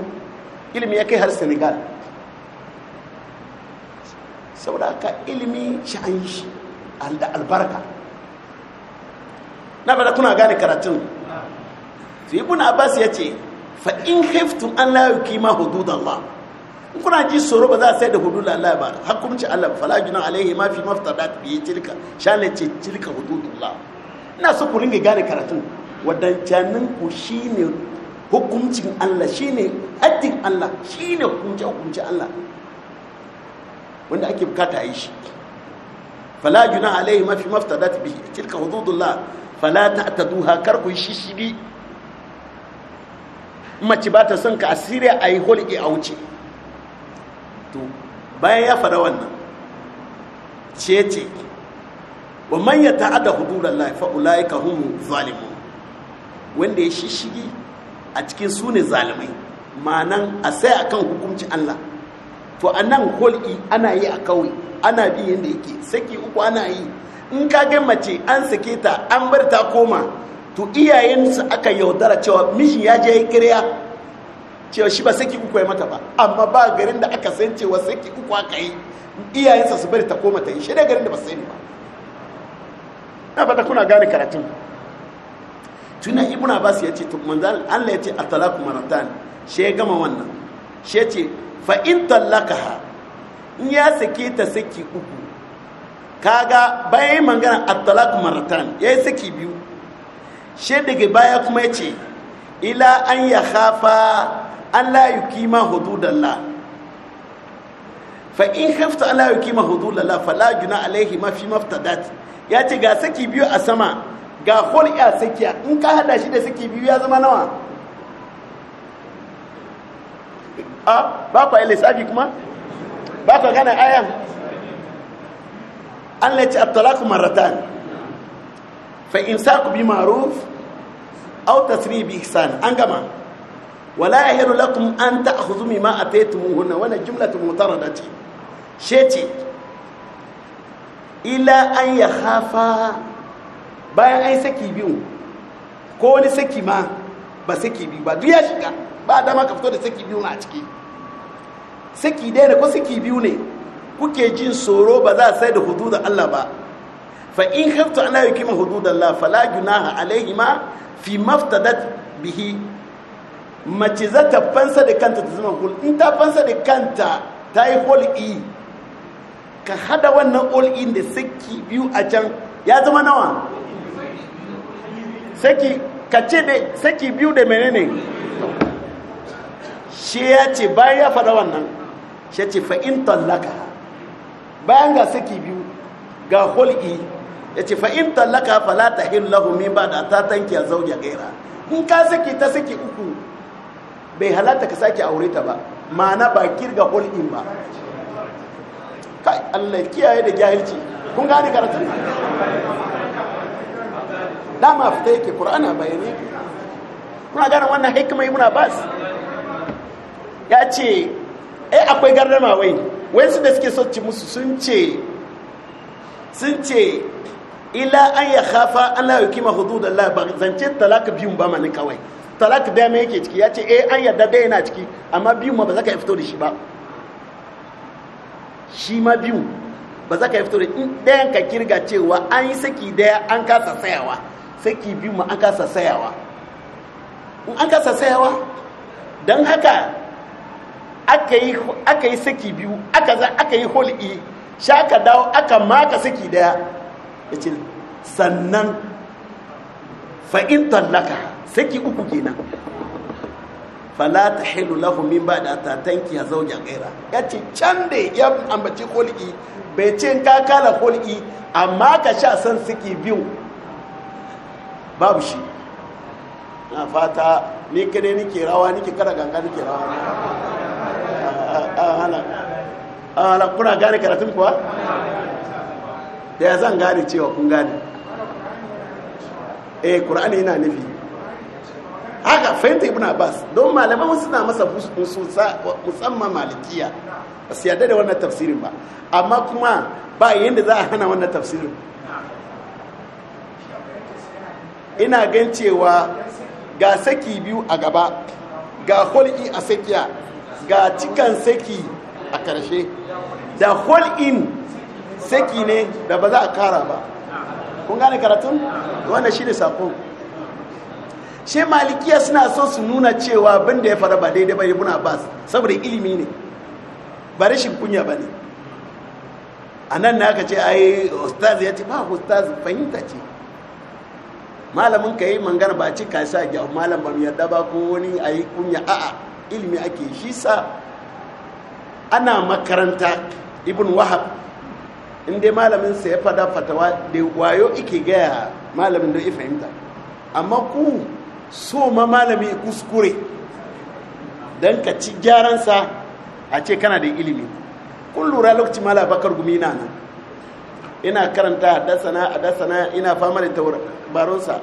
ilimi ya kai har senegal saboda haka ilimi shi an yi shi da albarka na fada kuna gane karatun su yi buna abbas ya ce fa'in haifitun an layu kima hududan Allah in kuna ji tsoro ba za a sai da hudud Allah ba hakumci Allah falajunan alaihi mafi mafita da biye cilika shane ce cilika hududun Allah ina so ku ringa gane karatun wadancanin ku shine hukuncin Allah shine haddin Allah shine hukunce hukunce Allah wanda ake bukata a yi shi fala juna alaihi mafi maftadat bihi tilka hududullah fala ta'taduha kar ku shishigi mace ba ta son ka asiri a yi hulki a wuce to bayan ya fara wannan ce ce wa man ya ta'ada hududullah fa ulaika hum zalimun wanda ya shishigi a cikin su ne zalimai ma'anan a sai akan hukunci Allah to a nan hulki ana yi a kawai ana bi yadda yake saki uku ana yi in ka ga mace an sake ta an bar ta koma to iyayensu aka yaudara cewa mishi ya je kirya cewa shi ba saki uku ya mata ba amma ba garin da aka san cewa saki uku aka yi iyayensa su bari ta koma ta yi shi da garin da ba su sani ba na fata kuna gane karatun tunan ba su ya ce manzan allah ya ce a talaku maratan shi ya gama wannan shi ya ce fa in ha in ya sake ta saki uku kaga bayan mangana a talaq maratan yi saki biyu she daga baya kuma ce ila an ya hafa an la yukima hududallah fa in hafta an la kima hududallah fala juna alaihi ma fi ya ce ga saki biyu a sama ga khul ya sakiya in ka hada shi da saki biyu ya zama nawa a ah, ba ku yi lissafi kuma ba ka gane ayan an laci a talaku maratan fa in sa ku bi maruf au tasiri bi ihsan an gama wala ya hiru an ta a taitumu da ce she ce ila an ya hafa bayan an saki biyu ko wani saki ma ba saki biyu ba duk ya shiga ba dama ka fito da saki biyu a ciki saki ɗaya ne ko saki biyu ne kuke jin tsoro ba za a sai da hududun Allah ba fa in khaftu an la yuqima hududallah fala junaha alaihima fi maftadat bihi mace za ta fansa da kanta ta zama hul in ta fansa da kanta ta yi hol'i ka hada wannan hol'in da saki biyu a can ya zama nawa saki ka ce da saki biyu da menene shi ya ce bayan ya faɗa wannan shi ya ce fa'in tallaka bayan ga saki biyu ga hul'i ya ce fa'in tallaka falata in lahumi ba da ta tanki a zauja gaira in ka saki ta saki uku bai halatta ka sake aure ta ba na bakir ga hul'in ba kai allah kiyaye da jahilci kun gane karatun dama fita yake ƙura'ana bayani kuna gane wannan hikimai muna basu ya ce eh akwai gardama wai wayansu da suke so ci musu sun ce sun ce ila an ya khafa Allah ya kima hudud Allah ba zance talaka biyun ba mani kawai talaka da me yake ciki ya ce eh an yadda da yana ciki amma biyun ma ba za ka fito da shi ba shi ma biyun ba za ka fito da in ɗayan ka kirga cewa an yi saki daya an kasa sayawa saki biyun ma an kasa sayawa in an kasa sayawa dan haka aka yi saki biyu aka za aka yi hul'i sha ka dawo aka maka saki daya ya ce sannan fa'in tallaka saki uku kenan fala ta hailu min ba da ta tanki ya zauja gaira ya ce can da ya ambaci hul'i bai ce ka hul'i amma ka sha san saki biyu babu shi na fata ni kane nike rawa nike kara ganga nike rawa ahalan kuna gane karatun kuwa zan gane cewa kun gane eh yana nufi haka fahimta ibn abbas don malaman masa musamman malikiya ba su yarda da wannan tafsirin ba amma kuma ba yadda za a hana wannan tafsirin ina gan cewa ga saki biyu a gaba ga hulki a sakiya ga cikin saki a karshe da hole in saki ne da ba za a kara ba kun gane karatun wanda shi ne sakon shi malikiya suna so su nuna cewa bin da ya fara ba daidai ba buna ba saboda ilimi ne ba rashin kunya ba ne a nan na aka ce ai ustaz ya ce ba ustaz fahimta ce malamin ka yi mangana ba ce ka sa gyau malam ba mu yarda ba ko wani a yi kunya a'a ilimi ake shi sa ana makaranta ibn wahab inda malamin sa ya fada fatawa da wayo ike gaya malamin da ifahimta amma ku so ma malami kuskure don ka ci gyaransa a ce kana da ilimi kun lura lokaci mala bakar gumi na nan ina karanta a a dasana ina fama da tabaronsa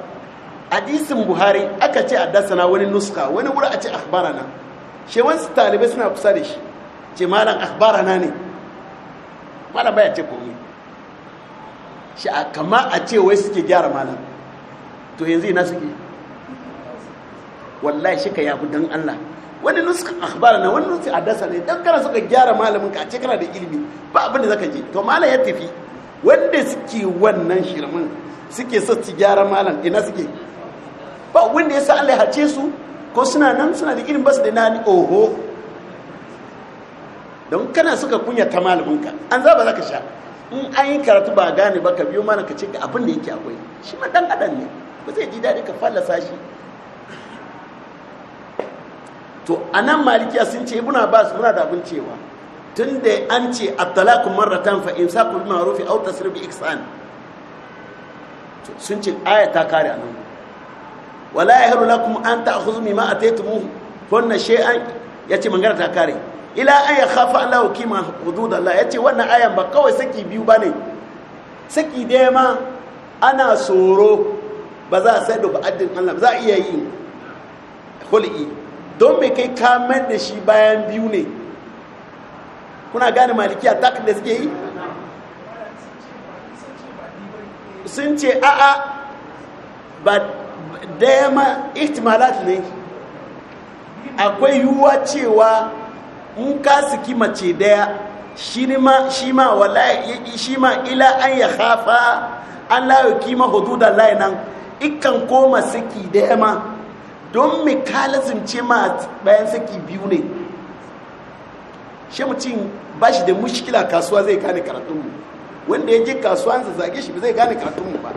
hadisin buhari aka ce a na wani nuska wani wuri a ce nan shi wani talibai suna kusa da shi ce malam akbara na ne malam baya ce komi shi a kama a ce wai suke gyara malam to yanzu ina suke wallahi shi ka yabu don allah wani nuska akbara na wani nuska adasa ne don kana suka gyara malamin ka a ce kana da ilimi ba abin da zaka je to malam ya tafi wanda suke wannan shirmin suke so su gyara malam ina suke ba wanda ya sa Allah ya hace su ko suna nan suna da irin basu da nani oho don kana suka kunya ta malaminka an za ba za ka sha in an yi karatu ba gane ba ka biyo mana ka ce ga abin da yake akwai shi ma dan adam ne ba zai ji daɗi ka fallasa shi to anan malikiya sun ce ba su muna da abin cewa tun da an ce at-talaq marratan fa imsakul ma'ruf au tasrif bi ihsan sun ce aya ta kare anan wala ya hiru lakum an ta huzu mimma a taitumu wannan shay'an ya ce mangana ta kare ila an ya khafa Allah kima hudud Allah ya ce wannan ayan ba kawai saki biyu ba ne saki daya ma ana tsoro ba za a sai da ba'addin Allah ba za a iya yi hul'i don mai kai kamar da shi bayan biyu ne kuna gane maliki a takin da suke yi sun ce a'a ba daya ma ihtimalat ne akwai yiwuwa cewa in ka suki mace daya shi ma shi ma wallahi shi ma ila an ya khafa an la kima hududa lai nan ikan koma saki daya ma don me ka ce ma bayan suki biyu ne shi mutum ba shi da mushkila kasuwa zai gane karatunmu wanda ya je zai zage shi ba zai gane karatunmu ba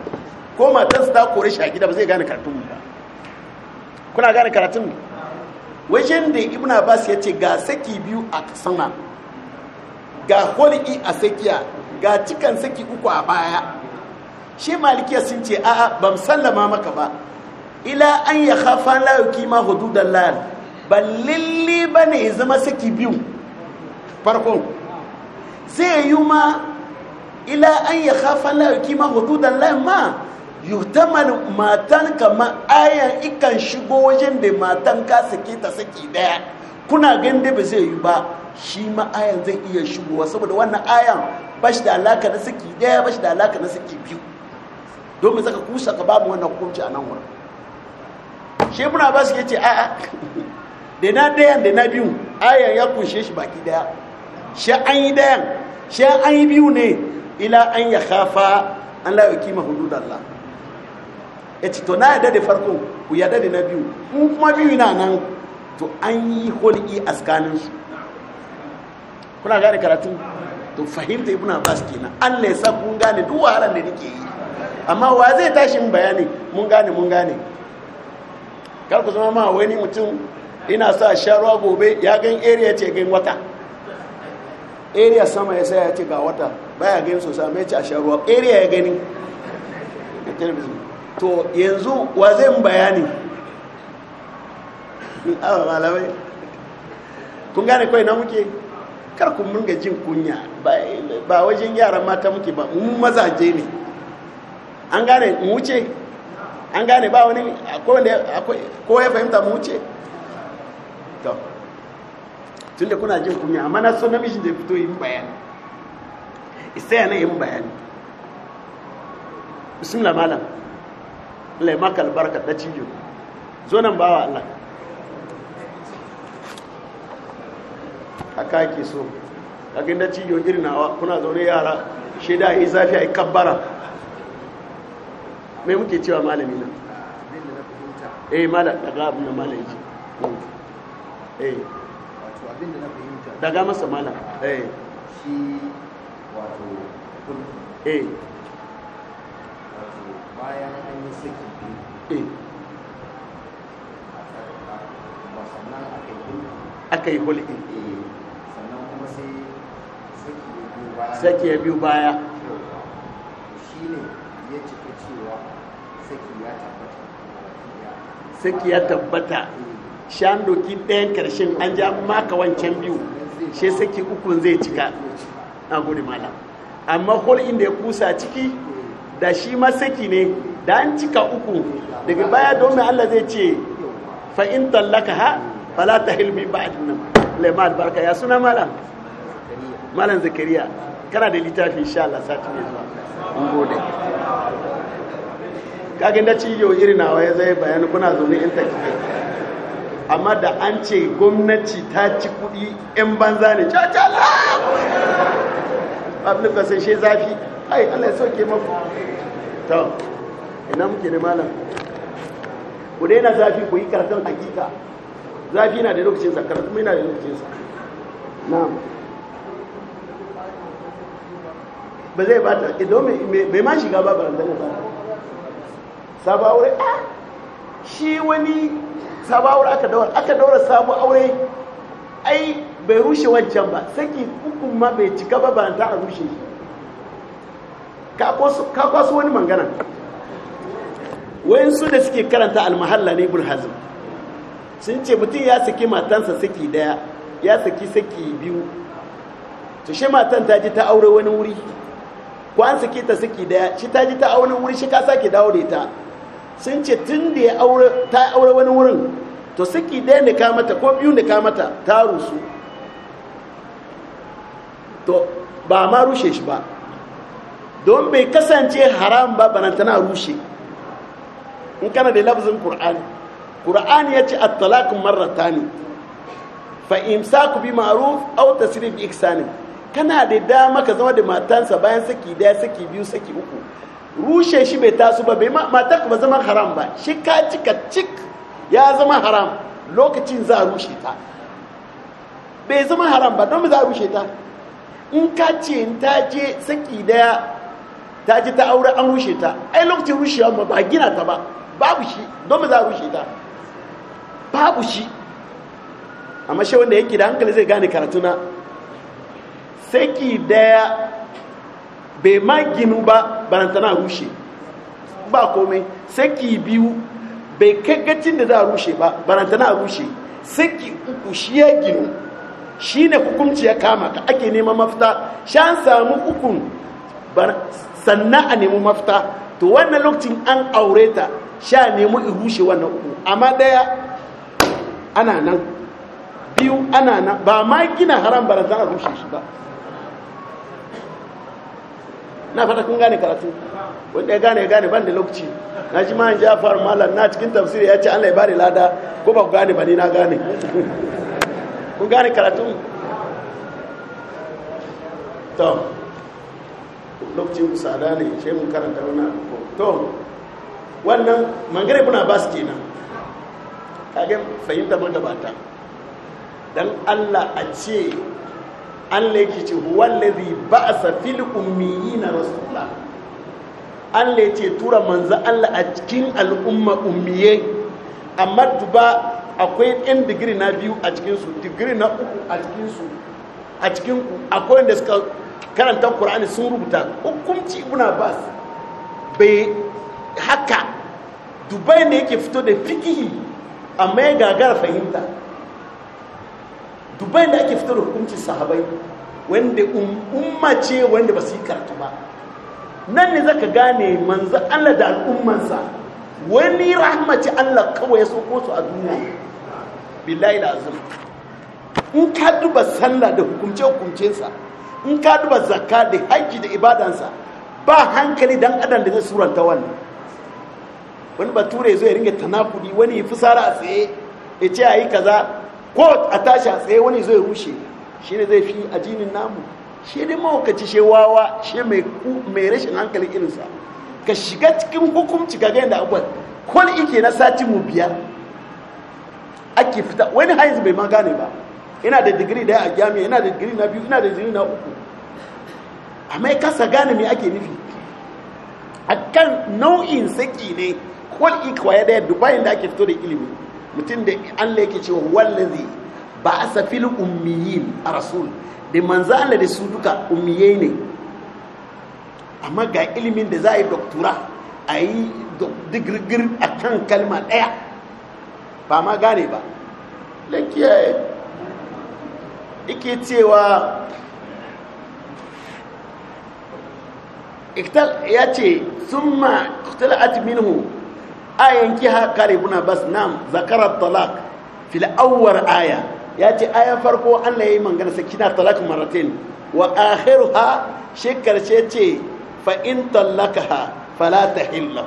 ko matansa ta kore shi a gida ba zai gane karatun mu ba kuna gane karatun mu. wajen da ibn abbas ya ce ga saki biyu a sama ga hul'i a sakiya ga cikan saki uku a baya shi malikiya sun ce a'a ba sallama maka ba ila an ya khafa la yuqima hududan lal ba ne ya zama saki biyu farko zai yi ma ila an ya khafa la yuqima hududan lal ma yuhtamal matan kamar ayan ikan shigo wajen da matan ka sake ta saki daya kuna gan da ba zai yi ba shi ma ayan zai iya shigowa saboda wannan ayan ba shi da alaka na saki daya ba shi da alaka na saki biyu domin zaka kusa ka ba mu wannan hukunci a nan wurin shi muna ba su ke ce a'a da na dayan da na biyu ayan ya kunshe shi baki daya shi an yi dayan shi an yi biyu ne ila an ya kafa an la yukima hududallah ya ce to na yadda da farko ku yadda da na biyu in kuma biyu na nan to an yi hulki a tsakaninsu kuna gane karatu to fahimta ibn abbas kenan allah ya sa kun gane duk wahalar da nake yi amma wa zai tashi min bayani mun gane mun gane kar ku zama ma wani mutum ina sa sharuwa gobe ya gan area ce gan wata area sama ya sai ya ce ga wata baya gan sosai mai ya ce a sharuwa area ya gani a television to yanzu wa zai bayani in awa malamai kun gane kawai na muke karkun mun munga jin kunya ba wajen yaran mata muke ba mu mazaje ne an gane mu wuce an gane ba wani ko ya fahimta mu wuce to tun da kuna jin kunya amma na so namijin da fito yin bayani isa yana yin bayani bismillah malam laimaka albarka da cijo zo nan bawa Allah haka yake so kaga da cijo irin nawa kuna zaune yara sheda yi zafi a yi kabbara mai muke cewa malami nan eh malam daga abin da malami ji eh wato abin da na fahimta daga masa malam eh shi wato eh bayan biyu ya baya tabbata saki eh. shan doki ɗayan karshen an ja maka wancan biyu shi saki ukun zai cika na gode malam amma hol da ya kusa ciki eh. da shi masaki ne da an cika uku daga baya domin Allah zai ce fa in tallaka ha fala tahil min ba'd nan laimal barka ya suna malam malam zakariya kana da littafi insha Allah sati ne zuwa mun gode kaga da ci yau irin nawa ya zai bayani kuna zaune in take amma da an ce gwamnati ta ci kudi 'yan banza ne cacala abin da sai shi zafi ai Allah ya sauke maku to ina muke ne malam ku daina zafi ku yi karatun hakika zafi na da lokacin sa karatu mai na da lokacin sa na'am ba zai ba ta ido eh, bai ma shiga ba barandana ba sabon aure a ah! shi wani sabon aure aka daura aka daura sabu aure ai bai rushe wancan ba saki hukun ma bai cika ba baranta a rushe shi ka kwaso wani mangana su da suke karanta almahalla ne ibn hazm sun ce mutum ya saki matansa saki daya ya saki saki biyu to shi matan ta ji ta aure wani wuri ko an saki ta saki daya shi ta ji ta aure wuri shi ka sake dawo da ita sun ce tun da ya aure ta aure wani wurin to saki daya ne ka mata ko biyu ne ka mata ta rusu to ba ma rushe shi ba don bai kasance haram ba banantana rushe in kana da labzin kur'ani kur'ani ya ce at-talaq marratan fa ku bi ma'ruf aw siri bi ihsan kana da dama ka zama da matansa bayan saki daya saki biyu saki uku rushe shi bai taso ba bai matar ba zama haram ba shi ka cika cik ya zama haram lokacin za a rushe ta bai zama haram ba don za a rushe ta in ka ce ta je saki daya ta ji ta aure an rushe ta ai lokacin rushewa ba ba gina ta ba babu shi don ba za a rushe ta babu shi amma shi wanda yake da hankali zai gane karatuna saki daya bai ma ginu ba barantana rushe ba komai saki biyu bai kaggacin da za a rushe ba barantana rushe saki uku shi ya ginu shi ne hukumci ya kama ka ake neman mafita shan samu ukun sannan a nemi mafita to wannan lokacin an aure ta sha nemi rushe wannan uku amma daya ana nan biyu ana nan ba ma gina haram ba za a rushe shi ba na fata kun gane karatu wanda ya gane ya gane ban da lokaci na ji ma jafar malar na cikin tafsiri ya ce allah ya bari lada ko ba ku gane ba ni na gane kun gane karatu to lokacin musada ne shi mun karanta wani abu to wannan mangare kuna ba su kenan kage fahimta ba magabata don Allah a ce Allah yake ce wallazi safil fil na rasula Allah yake tura manzo Allah a cikin al'umma ummiye amma duba akwai yan digiri na biyu a cikinsu digiri na uku a cikinsu a cikin akwai wanda suka karanta ƙura'ani sun rubuta hukunci ibn abbas bai haka dubai ne yake fito da fikihi amma ya gagara fahimta dubai ne ake fito da hukuncin sahabai wanda um, umma ce wanda ba su yi karatu ba nan ne zaka gane manzan Allah da al'ummansa wani rahmaci Allah kawai ya soko su a duniya billahi da azum in ka duba sallah da hukumce hukuncensa in ka duba zakka da haji da ibadansa ba hankali dan adam da zai suranta wannan wani bature zai ringa tanakudi wani fusara a tsaye ya ce a yi kaza ko a tashi a tsaye wani zai rushe shi ne zai fi a jinin namu shi ne mawakaci shi wawa shi mai mai rashin hankali irinsa ka shiga cikin hukumci ka gayan da abuwa kwan ike na sati mu biyar ake fita wani haizu bai ma gane ba ina da digiri ya a jami'a ina da digiri na biyu ina da digiri na uku A ya kasa gane mai ake nufi kan nau'in saki ne kol ikwa ya daya dubayin da ake fito da ilimi mutum da Allah yake cewa wallazi ba asafil umiyin a rasul da manza Allah da su duka umiye ne amma ga ilimin da za a yi doktura a yi digirgir a kan kalma ɗaya ba ma gane ba lakiyaye ike cewa ya ce sun ma ikhtala'at minhu a yanki haka bas nam zakarar talak fil'awar aya ya ce aya farko an ya yi mangana sa kina talak maratin wa akhiru ha shi karshe fa in fala ta hilla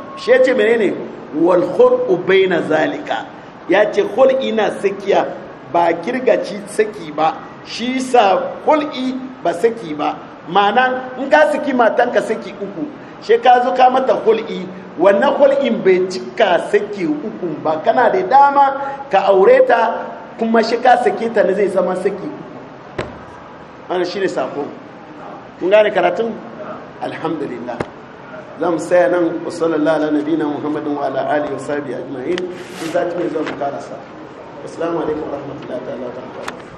menene wal khul'u baina zalika ya ce sakiya ba kirgaci saki ba shi sa kul'i ba saki ba ma'ana in ka saki matan ka saki uku shi ka zo ka mata kul'i wannan kul'in bai cika saki uku ba kana da dama ka aure ta kuma shi ka saki ta ne zai zama saki ana shi ne sako kun gane karatun alhamdulillah zan saya nan usulallah na ala nabina muhammadin wa ala'ali wasabi wa sahbihi ajma'in in za ta mai zan karasa assalamu alaikum warahmatullahi ta'ala wa barakatuh